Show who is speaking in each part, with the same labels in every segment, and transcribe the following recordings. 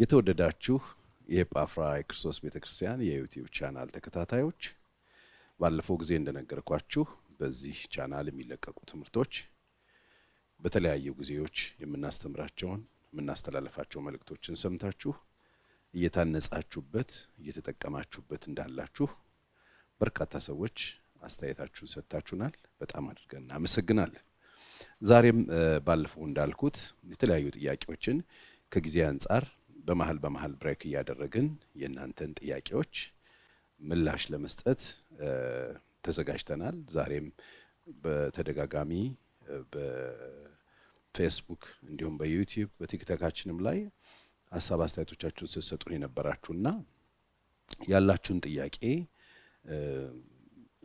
Speaker 1: የተወደዳችሁ የኤጳፍራ የክርስቶስ ቤተ ክርስቲያን የዩቲዩብ ቻናል ተከታታዮች ባለፈው ጊዜ እንደነገርኳችሁ በዚህ ቻናል የሚለቀቁ ትምህርቶች በተለያዩ ጊዜዎች የምናስተምራቸውን የምናስተላለፋቸው መልእክቶችን ሰምታችሁ እየታነጻችሁበት እየተጠቀማችሁበት እንዳላችሁ በርካታ ሰዎች አስተያየታችሁን ሰጥታችሁናል። በጣም አድርገን እናመሰግናለን። ዛሬም ባለፈው እንዳልኩት የተለያዩ ጥያቄዎችን ከጊዜ አንጻር በመሀል በመሀል ብሬክ እያደረግን የእናንተን ጥያቄዎች ምላሽ ለመስጠት ተዘጋጅተናል። ዛሬም በተደጋጋሚ በፌስቡክ እንዲሁም በዩቲዩብ በቲክቶካችንም ላይ ሀሳብ አስተያየቶቻችሁን ስትሰጡን የነበራችሁና ያላችሁን ጥያቄ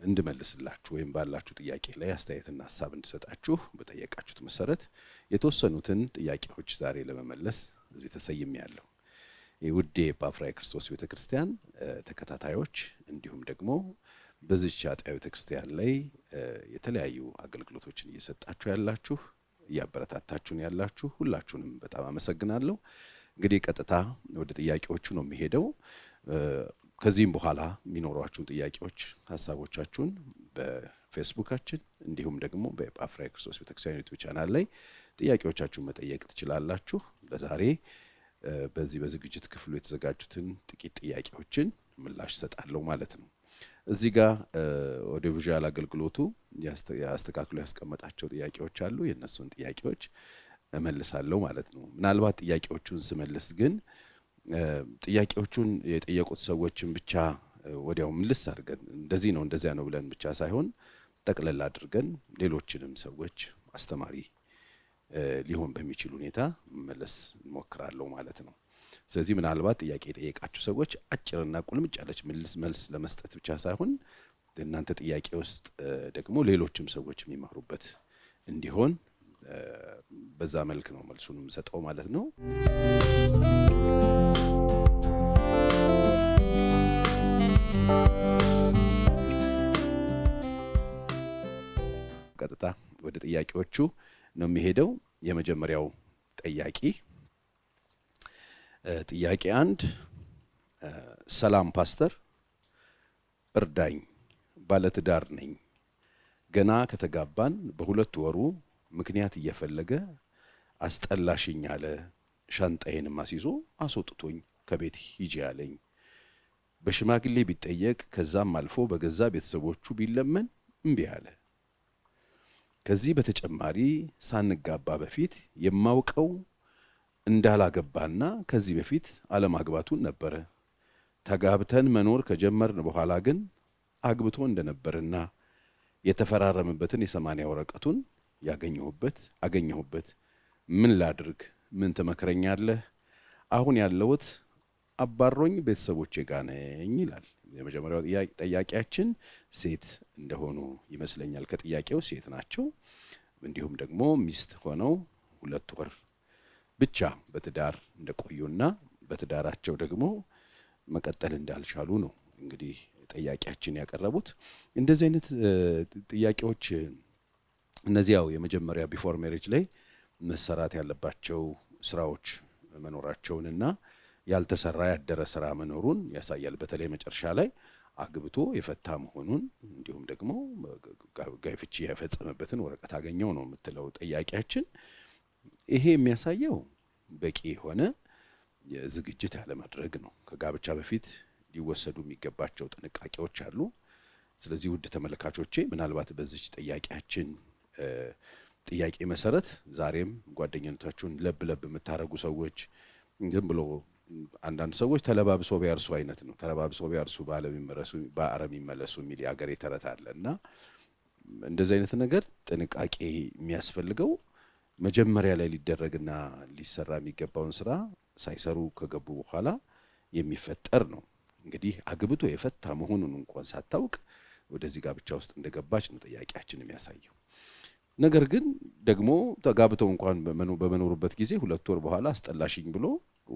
Speaker 1: እንድመልስላችሁ ወይም ባላችሁ ጥያቄ ላይ አስተያየትና ሀሳብ እንድሰጣችሁ በጠየቃችሁት መሰረት የተወሰኑትን ጥያቄዎች ዛሬ ለመመለስ እዚህ ተሰይሜ ውዴ በአፍራ ክርስቶስ ቤተ ክርስቲያን ተከታታዮች እንዲሁም ደግሞ በዚች አጥቢያ ቤተ ክርስቲያን ላይ የተለያዩ አገልግሎቶችን እየሰጣችሁ ያላችሁ እያበረታታችሁን ያላችሁ ሁላችሁንም በጣም አመሰግናለሁ። እንግዲህ ቀጥታ ወደ ጥያቄዎቹ ነው የሚሄደው። ከዚህም በኋላ የሚኖሯችሁን ጥያቄዎች፣ ሀሳቦቻችሁን በፌስቡካችን እንዲሁም ደግሞ በአፍራ ክርስቶስ ቤተክርስቲያን ዩቱብ ቻናል ላይ ጥያቄዎቻችሁን መጠየቅ ትችላላችሁ። ለዛሬ በዚህ በዝግጅት ክፍሉ የተዘጋጁትን ጥቂት ጥያቄዎችን ምላሽ እሰጣለሁ ማለት ነው። እዚህ ጋር ወደ ቪዥዋል አገልግሎቱ አስተካክሎ ያስቀመጣቸው ጥያቄዎች አሉ። የእነሱን ጥያቄዎች እመልሳለሁ ማለት ነው። ምናልባት ጥያቄዎቹን ስመልስ ግን ጥያቄዎቹን የጠየቁት ሰዎችን ብቻ ወዲያው ምልስ አድርገን እንደዚህ ነው እንደዚያ ነው ብለን ብቻ ሳይሆን ጠቅለል አድርገን ሌሎችንም ሰዎች አስተማሪ ሊሆን በሚችል ሁኔታ መለስ እንሞክራለሁ ማለት ነው። ስለዚህ ምናልባት ጥያቄ የጠየቃችሁ ሰዎች አጭርና ቁልምጭ ያለች መልስ ለመስጠት ብቻ ሳይሆን እናንተ ጥያቄ ውስጥ ደግሞ ሌሎችም ሰዎች የሚማሩበት እንዲሆን በዛ መልክ ነው መልሱን የምሰጠው ማለት ነው። ቀጥታ ወደ ጥያቄዎቹ ነው የሚሄደው። የመጀመሪያው ጠያቂ ጥያቄ አንድ ሰላም ፓስተር፣ እርዳኝ። ባለትዳር ነኝ። ገና ከተጋባን በሁለት ወሩ ምክንያት እየፈለገ አስጠላሽኝ አለ። ሻንጣዬንም አስይዞ አስወጥቶኝ ከቤት ሂጂ አለኝ። በሽማግሌ ቢጠየቅ ከዛም አልፎ በገዛ ቤተሰቦቹ ቢለመን እምቢ አለ። ከዚህ በተጨማሪ ሳንጋባ በፊት የማውቀው እንዳላገባና ከዚህ በፊት አለማግባቱን ነበረ። ተጋብተን መኖር ከጀመርን በኋላ ግን አግብቶ እንደነበርና የተፈራረምበትን የሰማንያ ወረቀቱን ያገኘሁበት አገኘሁበት። ምን ላድርግ? ምን ትመክረኛለህ? አሁን ያለሁት አባሮኝ ቤተሰቦቼ ጋር ነኝ ይላል። የመጀመሪያው ጠያቂያችን ሴት እንደሆኑ ይመስለኛል። ከጥያቄው ሴት ናቸው። እንዲሁም ደግሞ ሚስት ሆነው ሁለት ወር ብቻ በትዳር እንደቆዩና በትዳራቸው ደግሞ መቀጠል እንዳልቻሉ ነው እንግዲህ ጥያቄያችን ያቀረቡት። እንደዚህ አይነት ጥያቄዎች እነዚያው የመጀመሪያ ቢፎር ሜሬጅ ላይ መሰራት ያለባቸው ስራዎች መኖራቸውንና ያልተሰራ ያደረ ስራ መኖሩን ያሳያል። በተለይ መጨረሻ ላይ አግብቶ የፈታ መሆኑን እንዲሁም ደግሞ ጋይፍቺ ፍቺ የፈጸመበትን ወረቀት አገኘው ነው የምትለው ጠያቂያችን። ይሄ የሚያሳየው በቂ የሆነ ዝግጅት ያለማድረግ ነው። ከጋብቻ በፊት ሊወሰዱ የሚገባቸው ጥንቃቄዎች አሉ። ስለዚህ ውድ ተመልካቾቼ ምናልባት በዚች ጥያቄያችን ጥያቄ መሰረት ዛሬም ጓደኝነታችሁን ለብ ለብ የምታደርጉ ሰዎች ዝም ብሎ አንዳንድ ሰዎች ተለባብሶ ቢያርሱ አይነት ነው። ተለባብሶ ቢያርሱ በአረም ይመለሱ የሚል የአገሬ ተረት አለ እና እንደዚህ አይነት ነገር ጥንቃቄ የሚያስፈልገው መጀመሪያ ላይ ሊደረግና ሊሰራ የሚገባውን ስራ ሳይሰሩ ከገቡ በኋላ የሚፈጠር ነው። እንግዲህ አግብቶ የፈታ መሆኑን እንኳን ሳታውቅ ወደዚህ ጋብቻ ውስጥ እንደገባች ነው ጥያቄያችን የሚያሳየው። ነገር ግን ደግሞ ተጋብተው እንኳን በመኖሩበት ጊዜ ሁለት ወር በኋላ አስጠላሽኝ ብሎ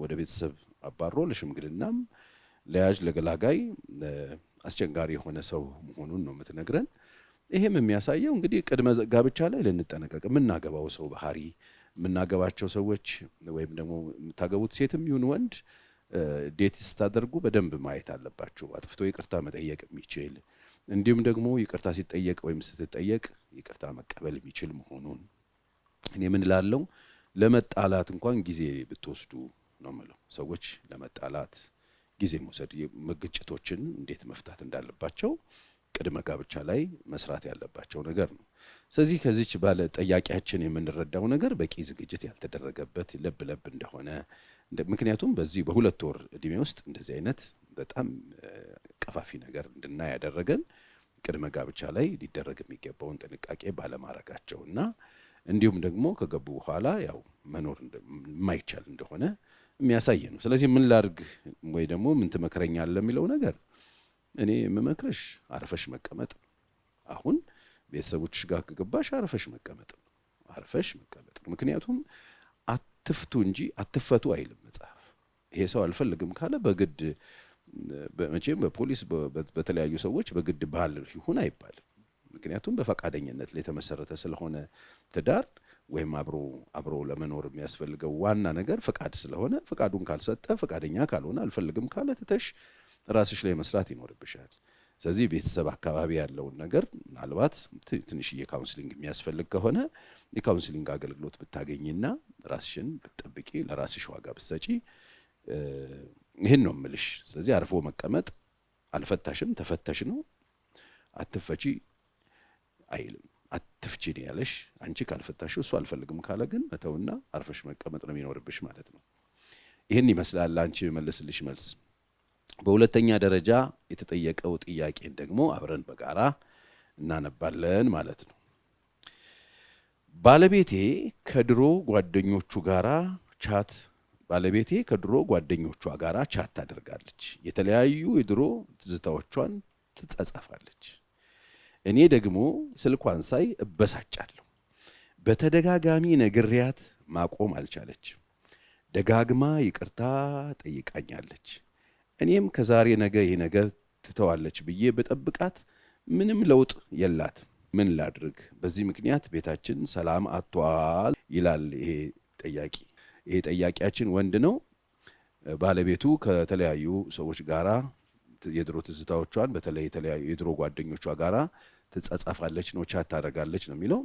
Speaker 1: ወደ ቤተሰብ አባሮ ለሽምግልናም ለያዥ ለገላጋይ አስቸጋሪ የሆነ ሰው መሆኑን ነው የምትነግረን። ይሄም የሚያሳየው እንግዲህ ቅድመ ጋብቻ ላይ ልንጠነቀቅ፣ የምናገባው ሰው ባህሪ፣ የምናገባቸው ሰዎች ወይም ደግሞ የምታገቡት ሴትም ይሁን ወንድ ዴት ስታደርጉ በደንብ ማየት አለባችሁ። አጥፍቶ ይቅርታ መጠየቅ የሚችል እንዲሁም ደግሞ ይቅርታ ሲጠየቅ ወይም ስትጠየቅ ይቅርታ መቀበል የሚችል መሆኑን እኔ ምን ላለው ለመጣላት እንኳን ጊዜ ብትወስዱ ነው ምለው። ሰዎች ለመጣላት ጊዜ መውሰድ፣ ግጭቶችን እንዴት መፍታት እንዳለባቸው ቅድመ ጋብቻ ላይ መስራት ያለባቸው ነገር ነው። ስለዚህ ከዚች ባለ ጠያቂያችን የምንረዳው ነገር በቂ ዝግጅት ያልተደረገበት ለብ ለብ እንደሆነ፣ ምክንያቱም በዚህ በሁለት ወር እድሜ ውስጥ እንደዚህ አይነት በጣም ቀፋፊ ነገር እንድናይ ያደረገን ቅድመ ጋብቻ ላይ ሊደረግ የሚገባውን ጥንቃቄ ባለማድረጋቸው እና እንዲሁም ደግሞ ከገቡ በኋላ ያው መኖር የማይቻል እንደሆነ የሚያሳይ ነው። ስለዚህ ምን ላድርግ ወይ ደግሞ ምን ትመክረኛለህ ለሚለው ነገር እኔ የምመክርሽ አርፈሽ መቀመጥ፣ አሁን ቤተሰቦችሽ ጋር ከገባሽ አርፈሽ መቀመጥ አርፈሽ መቀመጥ። ምክንያቱም አትፍቱ እንጂ አትፈቱ አይልም መጽሐፍ። ይሄ ሰው አልፈልግም ካለ በግድ መቼም በፖሊስ በተለያዩ ሰዎች በግድ ባል ይሁን አይባልም። ምክንያቱም በፈቃደኝነት ላይ የተመሰረተ ስለሆነ ትዳር ወይም አብሮ አብሮ ለመኖር የሚያስፈልገው ዋና ነገር ፈቃድ ስለሆነ ፈቃዱን ካልሰጠ ፈቃደኛ ካልሆነ አልፈልግም ካለ ትተሽ ራስሽ ላይ መስራት ይኖርብሻል። ስለዚህ ቤተሰብ አካባቢ ያለውን ነገር ምናልባት ትንሽዬ ካውንስሊንግ የሚያስፈልግ ከሆነ የካውንስሊንግ አገልግሎት ብታገኝና ራስሽን ብትጠብቂ፣ ለራስሽ ዋጋ ብትሰጪ ይህን ነው ምልሽ። ስለዚህ አርፎ መቀመጥ አልፈታሽም፣ ተፈታሽ ነው። አትፈቺ አይልም። አትፍቺ ነው ያለሽ። አንቺ ካልፈታሽው እሱ አልፈልግም ካለ ግን መተውና አርፈሽ መቀመጥ ነው የሚኖርብሽ ማለት ነው። ይህን ይመስላል አንቺ መለስልሽ መልስ። በሁለተኛ ደረጃ የተጠየቀው ጥያቄን ደግሞ አብረን በጋራ እናነባለን ማለት ነው። ባለቤቴ ከድሮ ጓደኞቹ ጋራ ቻት ባለቤቴ ከድሮ ጓደኞቿ ጋር ቻት ታደርጋለች። የተለያዩ የድሮ ትዝታዎቿን ትጸጸፋለች። እኔ ደግሞ ስልኳን ሳይ እበሳጫለሁ። በተደጋጋሚ ነግሪያት ማቆም አልቻለች። ደጋግማ ይቅርታ ጠይቃኛለች። እኔም ከዛሬ ነገ ይህ ነገር ትተዋለች ብዬ በጠብቃት ምንም ለውጥ የላት። ምን ላድርግ? በዚህ ምክንያት ቤታችን ሰላም አጥቷል ይላል ይሄ ጠያቂ። ይሄ ጠያቂያችን ወንድ ነው። ባለቤቱ ከተለያዩ ሰዎች ጋራ የድሮ ትዝታዎቿን በተለይ የተለያዩ የድሮ ጓደኞቿ ጋራ ትጻጻፋለች ነው ቻት ታደርጋለች ነው የሚለው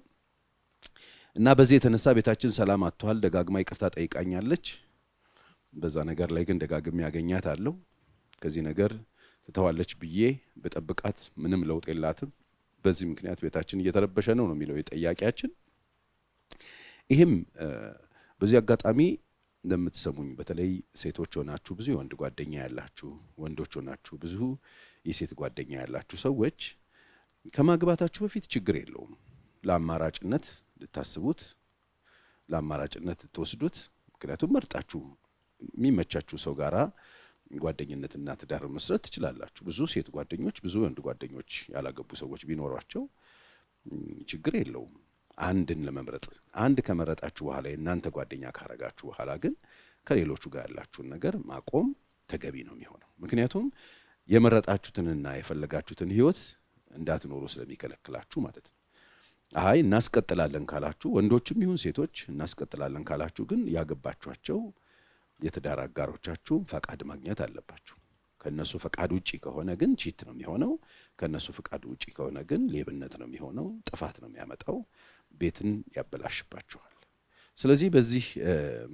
Speaker 1: እና በዚህ የተነሳ ቤታችን ሰላም አጥቷል። ደጋግማ ይቅርታ ጠይቃኛለች። በዛ ነገር ላይ ግን ደጋግሜ ያገኛት አለው ከዚህ ነገር ትተዋለች ብዬ በጠብቃት ምንም ለውጥ የላትም። በዚህ ምክንያት ቤታችን እየተረበሸ ነው ነው የሚለው የጠያቂያችን ይህም በዚህ አጋጣሚ እንደምትሰሙኝ በተለይ ሴቶች ሆናችሁ ብዙ የወንድ ጓደኛ ያላችሁ፣ ወንዶች ሆናችሁ ብዙ የሴት ጓደኛ ያላችሁ ሰዎች ከማግባታችሁ በፊት ችግር የለውም ለአማራጭነት ልታስቡት ለአማራጭነት ልትወስዱት። ምክንያቱም መርጣችሁ የሚመቻችሁ ሰው ጋራ ጓደኝነትና ትዳር መስረት ትችላላችሁ። ብዙ ሴት ጓደኞች፣ ብዙ ወንድ ጓደኞች ያላገቡ ሰዎች ቢኖሯቸው ችግር የለውም። አንድን ለመምረጥ አንድ ከመረጣችሁ በኋላ የእናንተ ጓደኛ ካረጋችሁ በኋላ ግን ከሌሎቹ ጋር ያላችሁን ነገር ማቆም ተገቢ ነው የሚሆነው። ምክንያቱም የመረጣችሁትንና የፈለጋችሁትን ህይወት እንዳትኖሩ ስለሚከለክላችሁ ማለት ነው። አይ እናስቀጥላለን ካላችሁ ወንዶችም ይሁን ሴቶች እናስቀጥላለን ካላችሁ ግን ያገባችኋቸው የትዳር አጋሮቻችሁ ፈቃድ ማግኘት አለባችሁ። ከእነሱ ፈቃድ ውጪ ከሆነ ግን ቺት ነው የሚሆነው። ከእነሱ ፈቃድ ውጪ ከሆነ ግን ሌብነት ነው የሚሆነው፣ ጥፋት ነው የሚያመጣው። ቤትን ያበላሽባቸዋል። ስለዚህ በዚህ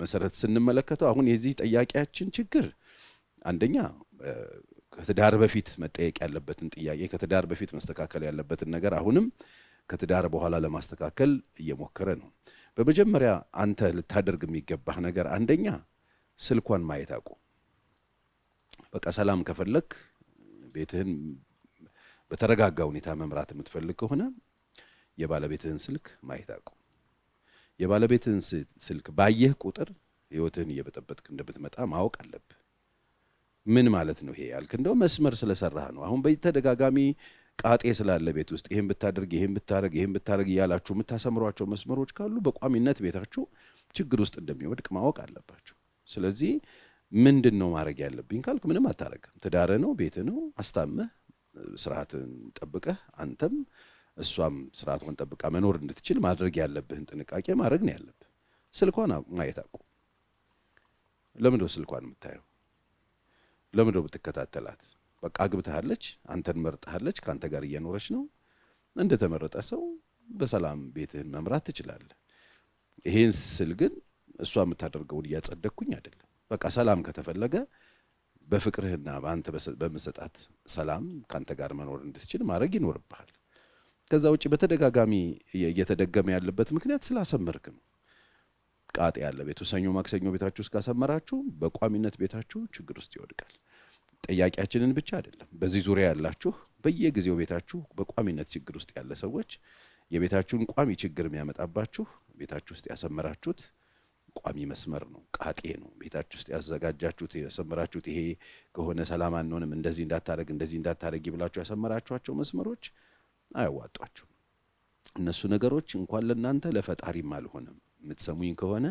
Speaker 1: መሰረት ስንመለከተው አሁን የዚህ ጥያቄያችን ችግር አንደኛ ከትዳር በፊት መጠየቅ ያለበትን ጥያቄ ከትዳር በፊት መስተካከል ያለበትን ነገር አሁንም ከትዳር በኋላ ለማስተካከል እየሞከረ ነው። በመጀመሪያ አንተ ልታደርግ የሚገባህ ነገር አንደኛ ስልኳን ማየት አቁም። በቃ ሰላም ከፈለግ ቤትህን በተረጋጋ ሁኔታ መምራት የምትፈልግ ከሆነ የባለቤትህን ስልክ ማየት አቁም። የባለቤትህን ስልክ ባየህ ቁጥር ህይወትህን እየበጠበጥክ እንደምትመጣ ማወቅ አለብህ። ምን ማለት ነው ይሄ ያልክ፣ እንደው መስመር ስለሰራህ ነው። አሁን በተደጋጋሚ ቃጤ ስላለ ቤት ውስጥ ይህን ብታደርግ ይህን ብታደርግ ይህን ብታደርግ እያላችሁ የምታሰምሯቸው መስመሮች ካሉ በቋሚነት ቤታችሁ ችግር ውስጥ እንደሚወድቅ ማወቅ አለባቸው። ስለዚህ ምንድን ነው ማድረግ ያለብኝ ካልክ ምንም አታረግም። ትዳርህ ነው፣ ቤት ነው። አስታመህ ስርዓትን ጠብቀህ አንተም እሷም ስርዓቷን ጠብቃ መኖር እንድትችል ማድረግ ያለብህን ጥንቃቄ ማድረግ ነው ያለብህ። ስልኳን ማየት አቁም። ለምንድነው ስልኳን የምታየው? ለምንድነው የምትከታተላት? በቃ አግብተሃለች፣ አንተን መርጣሃለች፣ ከአንተ ጋር እየኖረች ነው። እንደተመረጠ ሰው በሰላም ቤትህን መምራት ትችላለህ። ይሄን ስል ግን እሷ የምታደርገውን እያጸደቅኩኝ አይደለም። በቃ ሰላም ከተፈለገ በፍቅርህና በአንተ በምሰጣት ሰላም ከአንተ ጋር መኖር እንድትችል ማድረግ ይኖርብሃል። ከዛ ውጭ በተደጋጋሚ እየተደገመ ያለበት ምክንያት ስላሰመርክ ነው። ቃጤ ያለ ቤቱ ሰኞ፣ ማክሰኞ ቤታችሁ ውስጥ ካሰመራችሁ በቋሚነት ቤታችሁ ችግር ውስጥ ይወድቃል። ጥያቄያችንን ብቻ አይደለም፣ በዚህ ዙሪያ ያላችሁ በየጊዜው ቤታችሁ በቋሚነት ችግር ውስጥ ያለ ሰዎች የቤታችሁን ቋሚ ችግር የሚያመጣባችሁ ቤታችሁ ውስጥ ያሰመራችሁት ቋሚ መስመር ነው፣ ቃጤ ነው። ቤታችሁ ውስጥ ያዘጋጃችሁት ያሰመራችሁት ይሄ ከሆነ ሰላም አንሆንም፣ እንደዚህ እንዳታረግ፣ እንደዚህ እንዳታረግ ብላችሁ ያሰመራችኋቸው መስመሮች አያዋጧችሁም። እነሱ ነገሮች እንኳን ለእናንተ ለፈጣሪም አልሆነም። የምትሰሙኝ ከሆነ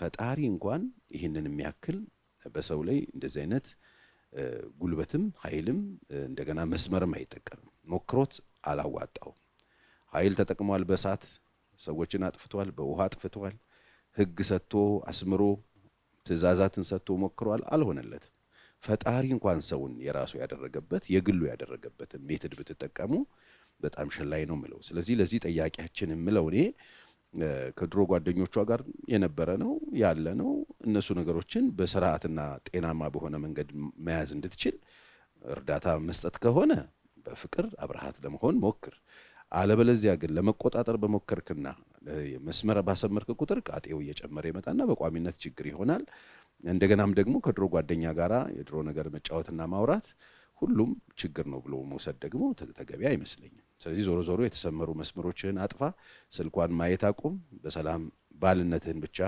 Speaker 1: ፈጣሪ እንኳን ይህንን የሚያክል በሰው ላይ እንደዚህ አይነት ጉልበትም ኃይልም እንደገና መስመርም አይጠቀምም። ሞክሮት አላዋጣውም። ኃይል ተጠቅሟል። በእሳት ሰዎችን አጥፍቷል። በውሃ አጥፍቷል። ሕግ ሰጥቶ አስምሮ ትእዛዛትን ሰጥቶ ሞክሯል። አልሆነለትም። ፈጣሪ እንኳን ሰውን የራሱ ያደረገበት የግሉ ያደረገበትን ሜትድ ብትጠቀሙ በጣም ሸላይ ነው የምለው ስለዚህ ለዚህ ጥያቄያችን የምለው እኔ ከድሮ ጓደኞቿ ጋር የነበረ ነው ያለ ነው። እነሱ ነገሮችን በስርዓትና ጤናማ በሆነ መንገድ መያዝ እንድትችል እርዳታ መስጠት ከሆነ በፍቅር አብረሃት ለመሆን ሞክር። አለበለዚያ ግን ለመቆጣጠር በሞከርክና መስመር ባሰመርክ ቁጥር ቃጤው እየጨመረ ይመጣና በቋሚነት ችግር ይሆናል። እንደገናም ደግሞ ከድሮ ጓደኛ ጋር የድሮ ነገር መጫወትና ማውራት ሁሉም ችግር ነው ብሎ መውሰድ ደግሞ ተገቢ አይመስለኝም። ስለዚህ ዞሮ ዞሮ የተሰመሩ መስመሮችህን አጥፋ፣ ስልኳን ማየት አቁም፣ በሰላም ባልነትህን ብቻ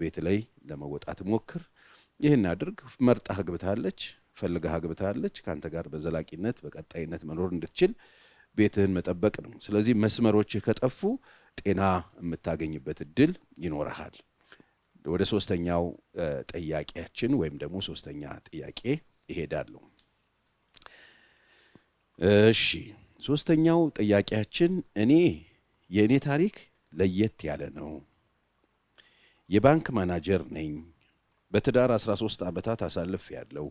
Speaker 1: ቤት ላይ ለመወጣት ሞክር። ይህን አድርግ። መርጣህ አግብታለች፣ ፈልጋ አግብታለች። ከአንተ ጋር በዘላቂነት በቀጣይነት መኖር እንድትችል ቤትህን መጠበቅ ነው። ስለዚህ መስመሮችህ ከጠፉ ጤና የምታገኝበት እድል ይኖረሃል። ወደ ሶስተኛው ጥያቄያችን ወይም ደግሞ ሶስተኛ ጥያቄ ይሄዳሉ። እሺ ሶስተኛው ጥያቄያችን እኔ የእኔ ታሪክ ለየት ያለ ነው። የባንክ ማናጀር ነኝ። በትዳር 13 ዓመታት አሳልፍ ያለው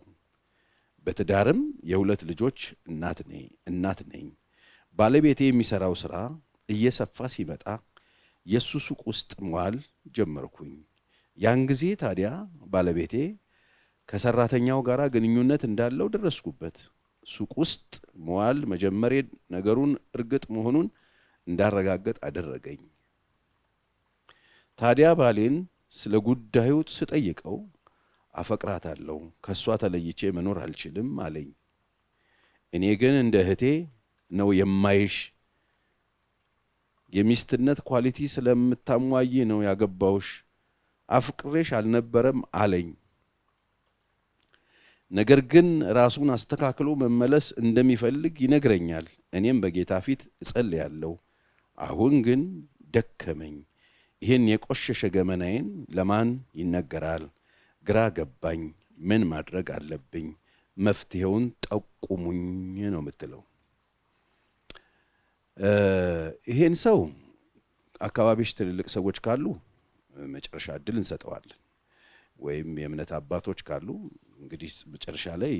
Speaker 1: በትዳርም የሁለት ልጆች እናት ነኝ እናት ነኝ። ባለቤቴ የሚሰራው ስራ እየሰፋ ሲመጣ የእሱ ሱቅ ውስጥ መዋል ጀመርኩኝ። ያን ጊዜ ታዲያ ባለቤቴ ከሰራተኛው ጋር ግንኙነት እንዳለው ደረስኩበት። ሱቅ ውስጥ መዋል መጀመሬ ነገሩን እርግጥ መሆኑን እንዳረጋገጥ አደረገኝ። ታዲያ ባሌን ስለ ጉዳዩ ስጠይቀው አፈቅራታለሁ፣ ከእሷ ተለይቼ መኖር አልችልም አለኝ። እኔ ግን እንደ እህቴ ነው የማይሽ፣ የሚስትነት ኳሊቲ ስለምታሟይ ነው ያገባውሽ፣ አፍቅሬሽ አልነበረም አለኝ። ነገር ግን ራሱን አስተካክሎ መመለስ እንደሚፈልግ ይነግረኛል። እኔም በጌታ ፊት እጸልያለሁ። አሁን ግን ደከመኝ። ይህን የቆሸሸ ገመናዬን ለማን ይነገራል? ግራ ገባኝ። ምን ማድረግ አለብኝ? መፍትሄውን ጠቁሙኝ ነው የምትለው። ይሄን ሰው አካባቢዎች ትልልቅ ሰዎች ካሉ መጨረሻ እድል እንሰጠዋለን፣ ወይም የእምነት አባቶች ካሉ እንግዲህ መጨረሻ ላይ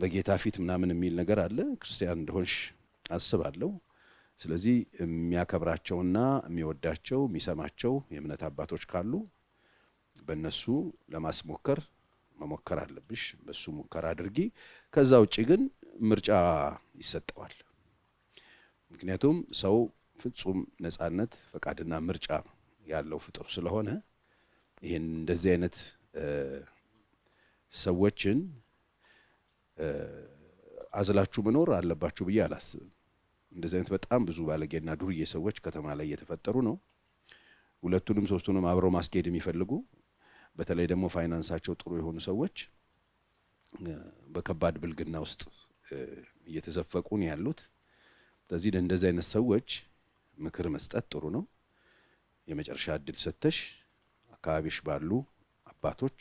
Speaker 1: በጌታ ፊት ምናምን የሚል ነገር አለ። ክርስቲያን እንደሆንሽ አስባለሁ። ስለዚህ የሚያከብራቸውና የሚወዳቸው የሚሰማቸው የእምነት አባቶች ካሉ በእነሱ ለማስሞከር መሞከር አለብሽ። በሱ ሙከራ አድርጊ። ከዛ ውጭ ግን ምርጫ ይሰጠዋል። ምክንያቱም ሰው ፍጹም ነጻነት፣ ፈቃድና ምርጫ ያለው ፍጡር ስለሆነ ይህን እንደዚህ አይነት ሰዎችን አዝላችሁ መኖር አለባችሁ ብዬ አላስብም። እንደዚህ አይነት በጣም ብዙ ባለጌና ዱርዬ ሰዎች ከተማ ላይ እየተፈጠሩ ነው። ሁለቱንም ሶስቱንም አብረው ማስኬድ የሚፈልጉ በተለይ ደግሞ ፋይናንሳቸው ጥሩ የሆኑ ሰዎች በከባድ ብልግና ውስጥ እየተዘፈቁ ነው ያሉት። ስለዚህ ለእንደዚህ አይነት ሰዎች ምክር መስጠት ጥሩ ነው። የመጨረሻ እድል ሰጥተሽ አካባቢሽ ባሉ አባቶች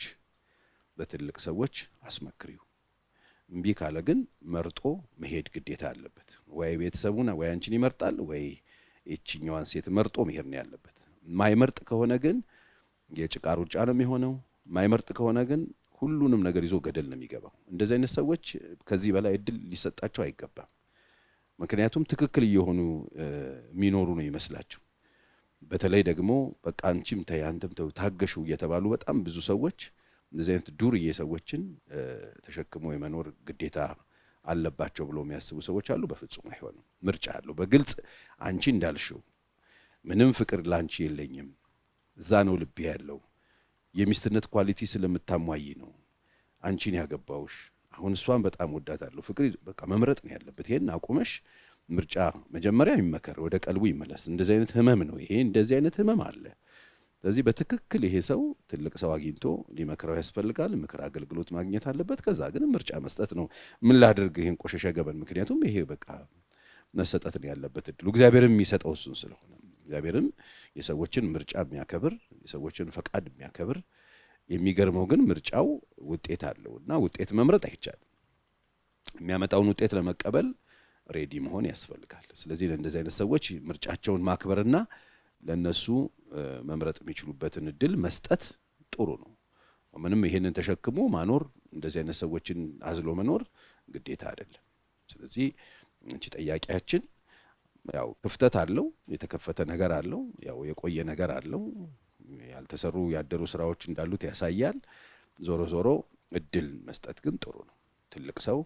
Speaker 1: ለትልቅ ሰዎች አስመክሪው። እምቢ ካለ ግን መርጦ መሄድ ግዴታ አለበት። ወይ ቤተሰቡን ወይ አንቺን ይመርጣል፣ ወይ ይችኛዋን ሴት መርጦ መሄድ ነው ያለበት። ማይመርጥ ከሆነ ግን የጭቃ ሩጫ ነው የሚሆነው። ማይመርጥ ከሆነ ግን ሁሉንም ነገር ይዞ ገደል ነው የሚገባው። እንደዚህ አይነት ሰዎች ከዚህ በላይ እድል ሊሰጣቸው አይገባም። ምክንያቱም ትክክል እየሆኑ የሚኖሩ ነው ይመስላቸው። በተለይ ደግሞ በቃ አንቺም ተይ አንተም ተው ታገሹ እየተባሉ በጣም ብዙ ሰዎች እንደዚህ አይነት ዱርዬ ሰዎችን ተሸክሞ የመኖር ግዴታ አለባቸው ብሎ የሚያስቡ ሰዎች አሉ። በፍጹም አይሆንም። ምርጫ አለው። በግልጽ አንቺ እንዳልሽው ምንም ፍቅር ላንቺ የለኝም፣ እዛ ነው ልቤ ያለው፣ የሚስትነት ኳሊቲ ስለምታሟይ ነው አንቺን ያገባውሽ። አሁን እሷን በጣም ወዳታለሁ። ፍቅር በቃ መምረጥ ነው ያለበት። ይሄን አቁመሽ ምርጫ መጀመሪያ ይመከር፣ ወደ ቀልቡ ይመለስ። እንደዚህ አይነት ህመም ነው ይሄ። እንደዚህ አይነት ህመም አለ። ስለዚህ በትክክል ይሄ ሰው ትልቅ ሰው አግኝቶ ሊመክረው ያስፈልጋል። ምክር አገልግሎት ማግኘት አለበት። ከዛ ግን ምርጫ መስጠት ነው። ምን ላድርግ ይህን ቆሸሸ ገበን? ምክንያቱም ይሄ በቃ መሰጠት ነው ያለበት እድሉ እግዚአብሔርም የሚሰጠው እሱን ስለሆነ እግዚአብሔርም የሰዎችን ምርጫ የሚያከብር የሰዎችን ፈቃድ የሚያከብር የሚገርመው ግን ምርጫው ውጤት አለው እና ውጤት መምረጥ አይቻልም። የሚያመጣውን ውጤት ለመቀበል ሬዲ መሆን ያስፈልጋል። ስለዚህ ለእንደዚህ አይነት ሰዎች ምርጫቸውን ማክበርና ለእነሱ መምረጥ የሚችሉበትን እድል መስጠት ጥሩ ነው። ምንም ይሄንን ተሸክሞ ማኖር እንደዚህ አይነት ሰዎችን አዝሎ መኖር ግዴታ አይደለም። ስለዚህ እንቺ ጠያቂያችን ያው ክፍተት አለው፣ የተከፈተ ነገር አለው፣ ያው የቆየ ነገር አለው፣ ያልተሰሩ ያደሩ ስራዎች እንዳሉት ያሳያል። ዞሮ ዞሮ እድል መስጠት ግን ጥሩ ነው። ትልቅ ሰው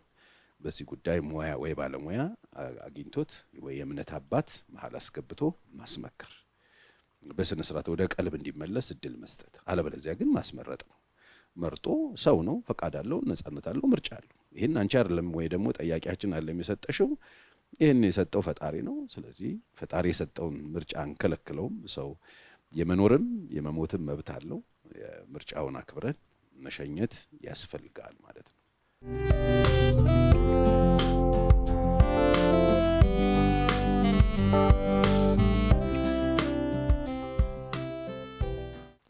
Speaker 1: በዚህ ጉዳይ ሙያ ወይ ባለሙያ አግኝቶት ወይ የእምነት አባት መሀል አስገብቶ ማስመከር በስነ ስርዓት ወደ ቀልብ እንዲመለስ እድል መስጠት፣ አለበለዚያ ግን ማስመረጥ ነው። መርጦ ሰው ነው፣ ፈቃድ አለው፣ ነጻነት አለው፣ ምርጫ አለው። ይህን አንቺ አይደለም ወይ ደግሞ ጠያቂያችን አለም የሰጠሽው፣ ይህን የሰጠው ፈጣሪ ነው። ስለዚህ ፈጣሪ የሰጠውን ምርጫ አንከለክለውም። ሰው የመኖርም የመሞትም መብት አለው። ምርጫውን አክብረን መሸኘት ያስፈልጋል ማለት ነው።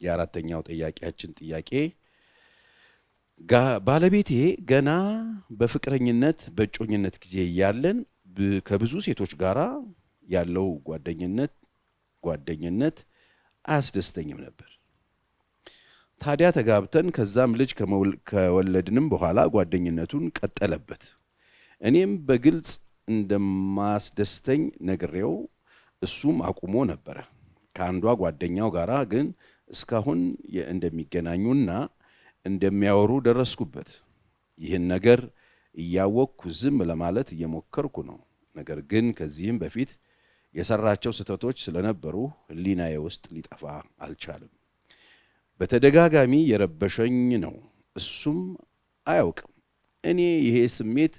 Speaker 1: የአራተኛው ጥያቄያችን ጥያቄ ባለቤቴ ገና በፍቅረኝነት በእጮኝነት ጊዜ እያለን ከብዙ ሴቶች ጋራ ያለው ጓደኝነት ጓደኝነት አያስደስተኝም ነበር። ታዲያ ተጋብተን ከዛም ልጅ ከወለድንም በኋላ ጓደኝነቱን ቀጠለበት። እኔም በግልጽ እንደማያስደስተኝ ነግሬው እሱም አቁሞ ነበረ። ከአንዷ ጓደኛው ጋራ ግን እስካሁን እንደሚገናኙና እንደሚያወሩ ደረስኩበት። ይህን ነገር እያወቅኩ ዝም ለማለት እየሞከርኩ ነው። ነገር ግን ከዚህም በፊት የሰራቸው ስህተቶች ስለነበሩ ሕሊናዬ ውስጥ ሊጠፋ አልቻልም። በተደጋጋሚ የረበሸኝ ነው። እሱም አያውቅም። እኔ ይሄ ስሜት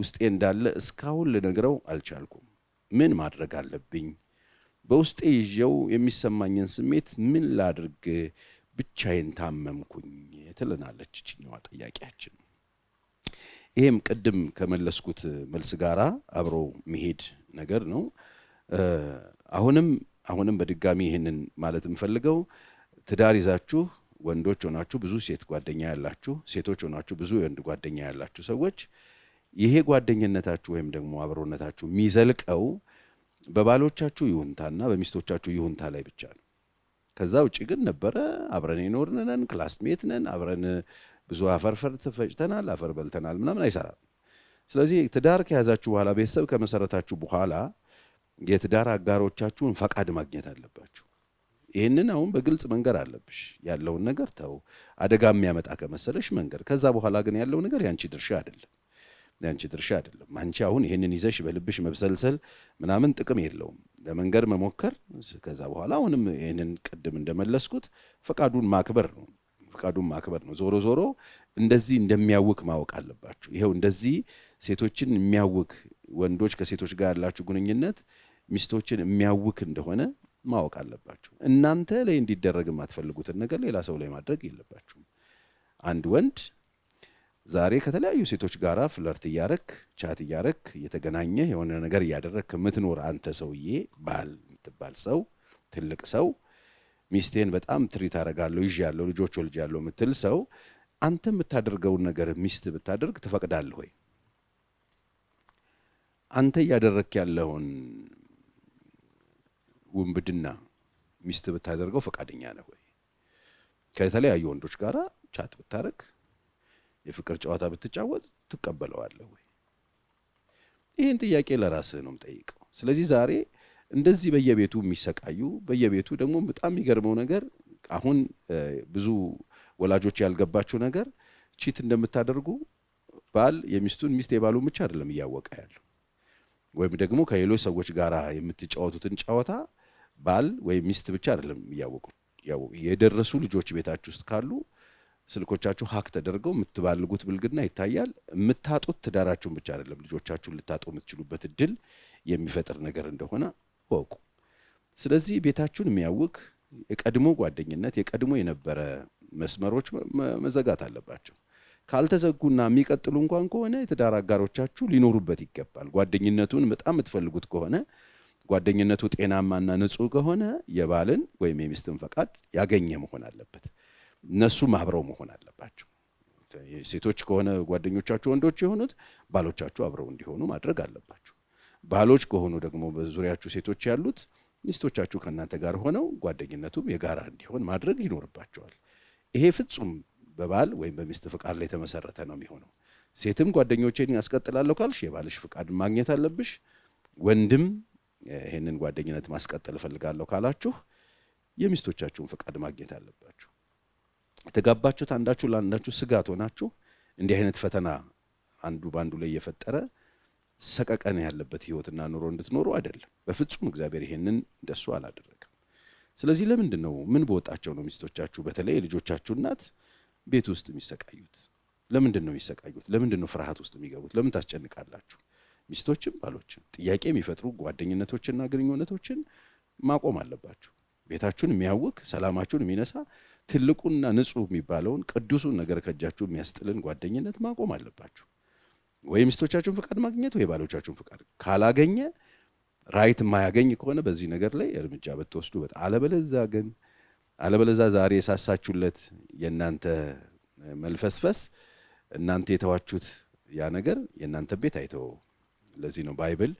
Speaker 1: ውስጤ እንዳለ እስካሁን ልነግረው አልቻልኩም። ምን ማድረግ አለብኝ? በውስጤ ይዤው የሚሰማኝን ስሜት ምን ላድርግ ብቻዬን ታመምኩኝ ትለናለች ችኛዋ ጠያቂያችን። ይህም ቅድም ከመለስኩት መልስ ጋር አብሮ መሄድ ነገር ነው። አሁንም አሁንም በድጋሚ ይህንን ማለት የምፈልገው ትዳር ይዛችሁ ወንዶች ሆናችሁ ብዙ ሴት ጓደኛ ያላችሁ፣ ሴቶች ሆናችሁ ብዙ የወንድ ጓደኛ ያላችሁ ሰዎች ይሄ ጓደኝነታችሁ ወይም ደግሞ አብሮነታችሁ የሚዘልቀው በባሎቻችሁ ይሁንታና በሚስቶቻችሁ ይሁንታ ላይ ብቻ ነው። ከዛ ውጭ ግን ነበረ አብረን የኖርን ነን፣ ክላስሜት ነን፣ አብረን ብዙ አፈር ትፈጭተናል፣ አፈር በልተናል ምናምን አይሰራም። ስለዚህ ትዳር ከያዛችሁ በኋላ ቤተሰብ ከመሰረታችሁ በኋላ የትዳር አጋሮቻችሁን ፈቃድ ማግኘት አለባችሁ። ይህንን አሁን በግልጽ መንገር አለብሽ። ያለውን ነገር ተው፣ አደጋ የሚያመጣ ከመሰለሽ መንገር። ከዛ በኋላ ግን ያለው ነገር ያንቺ ድርሻ አይደለም። የአንቺ ድርሻ አይደለም። አንቺ አሁን ይህንን ይዘሽ በልብሽ መብሰልሰል ምናምን ጥቅም የለውም። ለመንገድ መሞከር ከዛ በኋላ አሁንም ይህንን ቅድም እንደመለስኩት ፈቃዱን ማክበር ነው ፈቃዱን ማክበር ነው። ዞሮ ዞሮ እንደዚህ እንደሚያውክ ማወቅ አለባችሁ። ይኸው እንደዚህ ሴቶችን የሚያውክ ወንዶች ከሴቶች ጋር ያላችሁ ግንኙነት ሚስቶችን የሚያውክ እንደሆነ ማወቅ አለባችሁ። እናንተ ላይ እንዲደረግ የማትፈልጉትን ነገር ሌላ ሰው ላይ ማድረግ የለባችሁም። አንድ ወንድ ዛሬ ከተለያዩ ሴቶች ጋር ፍለርት እያረክ ቻት እያረክ እየተገናኘ የሆነ ነገር እያደረግክ የምትኖር አንተ ሰውዬ ባል የምትባል ሰው ትልቅ ሰው ሚስቴን በጣም ትሪት አረጋለሁ ይዤ ያለው ልጆች ወልጅ ያለው የምትል ሰው አንተ የምታደርገውን ነገር ሚስት ብታደርግ ትፈቅዳለህ ወይ? አንተ እያደረክ ያለውን ውንብድና ሚስት ብታደርገው ፈቃደኛ ነህ ወይ? ከተለያዩ ወንዶች ጋር ቻት ብታረግ የፍቅር ጨዋታ ብትጫወት ትቀበለዋለህ ወይ? ይህን ጥያቄ ለራስህ ነው የምጠይቀው። ስለዚህ ዛሬ እንደዚህ በየቤቱ የሚሰቃዩ በየቤቱ ደግሞ በጣም የሚገርመው ነገር አሁን ብዙ ወላጆች ያልገባችው ነገር ቺት እንደምታደርጉ ባል የሚስቱን ሚስት የባሉን ብቻ አይደለም እያወቀ ያለው ወይም ደግሞ ከሌሎች ሰዎች ጋር የምትጫወቱትን ጨዋታ ባል ወይም ሚስት ብቻ አይደለም እያወቁ የደረሱ ልጆች ቤታችሁ ውስጥ ካሉ ስልኮቻችሁ ሀክ ተደርገው የምትባልጉት ብልግና ይታያል። የምታጡት ትዳራችሁን ብቻ አይደለም ልጆቻችሁን ልታጡ የምትችሉበት እድል የሚፈጥር ነገር እንደሆነ ወቁ። ስለዚህ ቤታችሁን የሚያውክ የቀድሞ ጓደኝነት የቀድሞ የነበረ መስመሮች መዘጋት አለባቸው። ካልተዘጉና የሚቀጥሉ እንኳን ከሆነ የትዳር አጋሮቻችሁ ሊኖሩበት ይገባል። ጓደኝነቱን በጣም የምትፈልጉት ከሆነ ጓደኝነቱ ጤናማና ንጹህ ከሆነ የባልን ወይም የሚስትን ፈቃድ ያገኘ መሆን አለበት። እነሱም አብረው መሆን አለባቸው። ሴቶች ከሆነ ጓደኞቻችሁ ወንዶች የሆኑት ባሎቻችሁ አብረው እንዲሆኑ ማድረግ አለባቸው። ባሎች ከሆኑ ደግሞ በዙሪያችሁ ሴቶች ያሉት ሚስቶቻችሁ ከእናንተ ጋር ሆነው ጓደኝነቱም የጋራ እንዲሆን ማድረግ ይኖርባቸዋል። ይሄ ፍጹም በባል ወይም በሚስት ፍቃድ ላይ የተመሰረተ ነው የሚሆነው። ሴትም ጓደኞቼን ያስቀጥላለሁ ካልሽ የባልሽ ፍቃድ ማግኘት አለብሽ። ወንድም ይህንን ጓደኝነት ማስቀጠል እፈልጋለሁ ካላችሁ የሚስቶቻችሁን ፍቃድ ማግኘት አለባችሁ። የተጋባችሁት አንዳችሁ ለአንዳችሁ ስጋት ሆናችሁ እንዲህ አይነት ፈተና አንዱ በአንዱ ላይ እየፈጠረ ሰቀቀን ያለበት ህይወትና ኑሮ እንድትኖሩ አይደለም። በፍጹም እግዚአብሔር ይሄንን እንደሱ አላደረገም። ስለዚህ ለምንድን ነው ምን በወጣቸው ነው ሚስቶቻችሁ በተለይ የልጆቻችሁ እናት ቤት ውስጥ የሚሰቃዩት? ለምንድን ነው የሚሰቃዩት? ለምንድን ነው ፍርሃት ውስጥ የሚገቡት? ለምን ታስጨንቃላችሁ? ሚስቶችም ባሎችም ጥያቄ የሚፈጥሩ ጓደኝነቶችና ግንኙነቶችን ማቆም አለባችሁ። ቤታችሁን የሚያውክ ሰላማችሁን የሚነሳ ትልቁና ንጹህ የሚባለውን ቅዱሱን ነገር ከእጃችሁ የሚያስጥልን ጓደኝነት ማቆም አለባችሁ። ወይ ሚስቶቻችሁን ፍቃድ ማግኘት ወይ ባሎቻችሁን ፍቃድ ካላገኘ ራይት የማያገኝ ከሆነ በዚህ ነገር ላይ እርምጃ ብትወስዱ አለበለዛ ግን አለበለዛ ዛሬ የሳሳችሁለት የእናንተ መልፈስፈስ እናንተ የተዋችሁት ያ ነገር የእናንተ ቤት አይተው። ለዚህ ነው ባይብል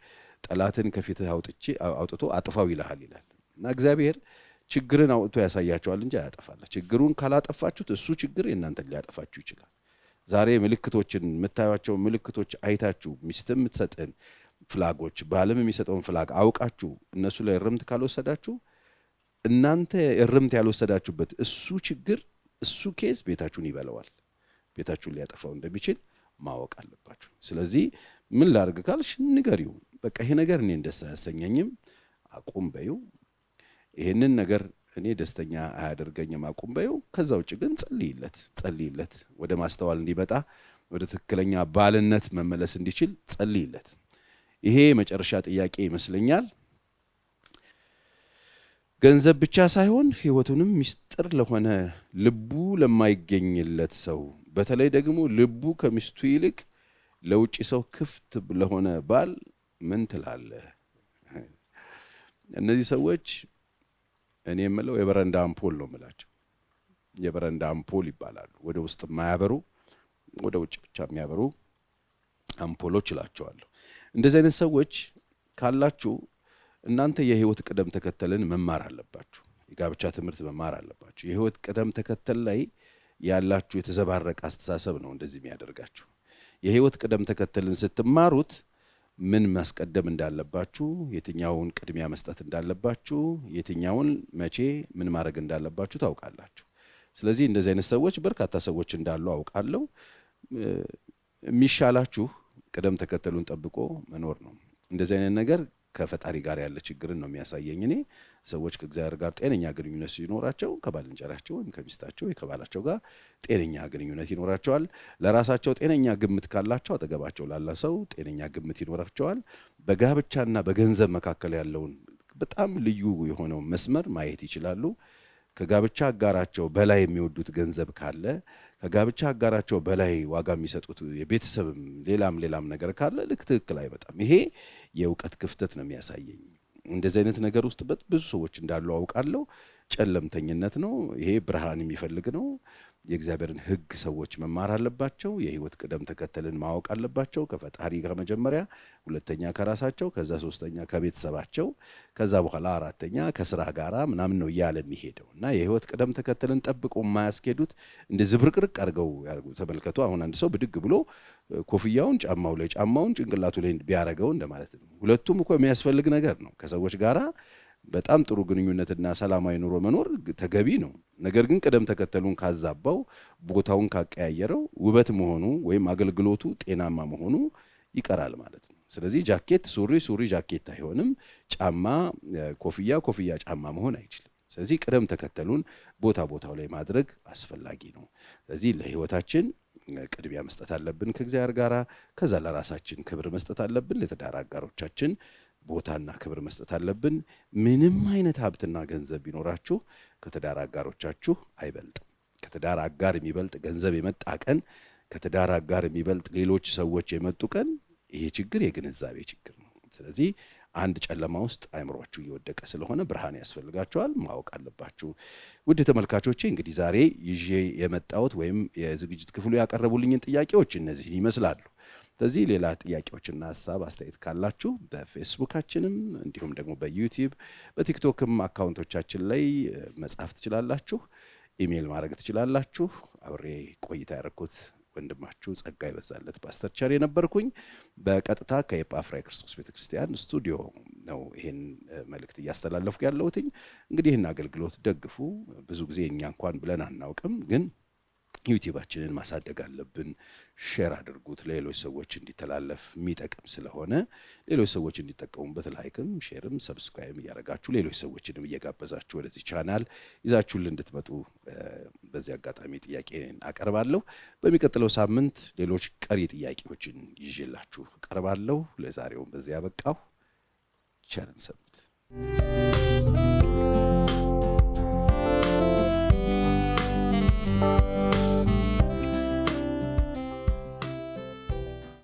Speaker 1: ጠላትን ከፊትህ አውጥቼ አውጥቶ አጥፋው ይልሃል ይላል። እና እግዚአብሔር ችግርን አውጥቶ ያሳያቸዋል እንጂ አያጠፋለ። ችግሩን ካላጠፋችሁት እሱ ችግር የእናንተን ሊያጠፋችሁ ይችላል። ዛሬ ምልክቶችን የምታዩቸው ምልክቶች አይታችሁ ሚስት የምትሰጥን ፍላጎች በአለም የሚሰጠውን ፍላግ አውቃችሁ እነሱ ላይ እርምት ካልወሰዳችሁ እናንተ እርምት ያልወሰዳችሁበት እሱ ችግር እሱ ኬዝ ቤታችሁን ይበለዋል፣ ቤታችሁን ሊያጠፋው እንደሚችል ማወቅ አለባችሁ። ስለዚህ ምን ላድርግ ካልሽ ንገሪው። በቃ ይሄ ነገር እኔ እንደስ አያሰኘኝም፣ አቁም በይው። ይህንን ነገር እኔ ደስተኛ አያደርገኝም አቁም በይው። ከዛ ውጭ ግን ጸልይለት ጸልይለት ወደ ማስተዋል እንዲመጣ ወደ ትክክለኛ ባልነት መመለስ እንዲችል ጸልይለት። ይሄ የመጨረሻ ጥያቄ ይመስለኛል። ገንዘብ ብቻ ሳይሆን ሕይወቱንም ሚስጥር ለሆነ ልቡ ለማይገኝለት ሰው በተለይ ደግሞ ልቡ ከሚስቱ ይልቅ ለውጭ ሰው ክፍት ለሆነ ባል ምን ትላለህ? እነዚህ ሰዎች እኔ የምለው የበረንዳ አምፖል ነው የምላቸው። የበረንዳ አምፖል ይባላሉ። ወደ ውስጥ የማያበሩ ወደ ውጭ ብቻ የሚያበሩ አምፖሎች እላቸዋለሁ። እንደዚህ አይነት ሰዎች ካላችሁ እናንተ የህይወት ቅደም ተከተልን መማር አለባችሁ። የጋብቻ ትምህርት መማር አለባችሁ። የህይወት ቅደም ተከተል ላይ ያላችሁ የተዘባረቀ አስተሳሰብ ነው እንደዚህ የሚያደርጋችሁ። የህይወት ቅደም ተከተልን ስትማሩት ምን ማስቀደም እንዳለባችሁ፣ የትኛውን ቅድሚያ መስጠት እንዳለባችሁ፣ የትኛውን መቼ ምን ማድረግ እንዳለባችሁ ታውቃላችሁ። ስለዚህ እንደዚህ አይነት ሰዎች በርካታ ሰዎች እንዳሉ አውቃለሁ። የሚሻላችሁ ቅደም ተከተሉን ጠብቆ መኖር ነው። እንደዚህ አይነት ነገር ከፈጣሪ ጋር ያለ ችግርን ነው የሚያሳየኝ እኔ ሰዎች ከእግዚአብሔር ጋር ጤነኛ ግንኙነት ሲኖራቸው ከባልንጀራቸው ወይም ከሚስታቸው ወይ ከባላቸው ጋር ጤነኛ ግንኙነት ይኖራቸዋል። ለራሳቸው ጤነኛ ግምት ካላቸው አጠገባቸው ላለ ሰው ጤነኛ ግምት ይኖራቸዋል። በጋብቻና በገንዘብ መካከል ያለውን በጣም ልዩ የሆነው መስመር ማየት ይችላሉ። ከጋብቻ አጋራቸው በላይ የሚወዱት ገንዘብ ካለ ከጋብቻ አጋራቸው በላይ ዋጋ የሚሰጡት የቤተሰብም ሌላም ሌላም ነገር ካለ ልክ ትክክል አይመጣም። ይሄ የእውቀት ክፍተት ነው የሚያሳየኝ። እንደዚህ አይነት ነገር ውስጥ ብዙ ሰዎች እንዳሉ አውቃለሁ። ጨለምተኝነት ነው። ይሄ ብርሃን የሚፈልግ ነው። የእግዚአብሔርን ሕግ ሰዎች መማር አለባቸው። የህይወት ቅደም ተከተልን ማወቅ አለባቸው። ከፈጣሪ ጋር መጀመሪያ፣ ሁለተኛ ከራሳቸው፣ ከዛ ሶስተኛ ከቤተሰባቸው፣ ከዛ በኋላ አራተኛ ከስራ ጋራ ምናምን ነው እያለ የሚሄደው እና የህይወት ቅደም ተከተልን ጠብቆ የማያስኬዱት እንደ ዝብርቅርቅ አድርገው ተመልከቱ። አሁን አንድ ሰው ብድግ ብሎ ኮፍያውን ጫማው ላይ ጫማውን ጭንቅላቱ ላይ ቢያደርገው እንደማለት ነው። ሁለቱም እኮ የሚያስፈልግ ነገር ነው። ከሰዎች ጋራ በጣም ጥሩ ግንኙነትና ሰላማዊ ኑሮ መኖር ተገቢ ነው። ነገር ግን ቅደም ተከተሉን ካዛባው፣ ቦታውን ካቀያየረው ውበት መሆኑ ወይም አገልግሎቱ ጤናማ መሆኑ ይቀራል ማለት ነው። ስለዚህ ጃኬት ሱሪ፣ ሱሪ ጃኬት አይሆንም። ጫማ ኮፍያ፣ ኮፍያ ጫማ መሆን አይችልም። ስለዚህ ቅደም ተከተሉን ቦታ ቦታው ላይ ማድረግ አስፈላጊ ነው። ስለዚህ ለህይወታችን ቅድሚያ መስጠት አለብን ከእግዚአብሔር ጋር። ከዛ ለራሳችን ክብር መስጠት አለብን። ለትዳር አጋሮቻችን ቦታና ክብር መስጠት አለብን። ምንም አይነት ሀብትና ገንዘብ ቢኖራችሁ ከትዳር አጋሮቻችሁ አይበልጥም። ከትዳር አጋር የሚበልጥ ገንዘብ የመጣ ቀን፣ ከትዳር አጋር የሚበልጥ ሌሎች ሰዎች የመጡ ቀን ይሄ ችግር የግንዛቤ ችግር ነው። ስለዚህ አንድ ጨለማ ውስጥ አይምሯችሁ እየወደቀ ስለሆነ ብርሃን ያስፈልጋችኋል፣ ማወቅ አለባችሁ። ውድ ተመልካቾቼ እንግዲህ ዛሬ ይዤ የመጣሁት ወይም የዝግጅት ክፍሉ ያቀረቡልኝን ጥያቄዎች እነዚህ ይመስላሉ። ስለዚህ ሌላ ጥያቄዎችና ሀሳብ አስተያየት ካላችሁ በፌስቡካችንም እንዲሁም ደግሞ በዩቲዩብ በቲክቶክም አካውንቶቻችን ላይ መጻፍ ትችላላችሁ። ኢሜይል ማድረግ ትችላላችሁ። አብሬ ቆይታ ያደረኩት ወንድማችሁ ጸጋ ይበዛለት ፓስተር ቸር የነበርኩኝ። በቀጥታ ከኤጳፍራ የክርስቶስ ቤተክርስቲያን ስቱዲዮ ነው ይሄን መልእክት እያስተላለፍኩ ያለሁትኝ። እንግዲህ ይህን አገልግሎት ደግፉ። ብዙ ጊዜ እኛ እንኳን ብለን አናውቅም ግን ዩቲዩባችንን ማሳደግ አለብን። ሼር አድርጉት ለሌሎች ሰዎች እንዲተላለፍ የሚጠቅም ስለሆነ ሌሎች ሰዎች እንዲጠቀሙበት ላይክም፣ ሼርም፣ ሰብስክራይብ እያደረጋችሁ ሌሎች ሰዎችንም እየጋበዛችሁ ወደዚህ ቻናል ይዛችሁልን እንድትመጡ በዚህ አጋጣሚ ጥያቄን አቀርባለሁ። በሚቀጥለው ሳምንት ሌሎች ቀሪ ጥያቄዎችን ይዤላችሁ አቀርባለሁ። ለዛሬውም በዚህ ያበቃሁ። ቸርን ሰንብት።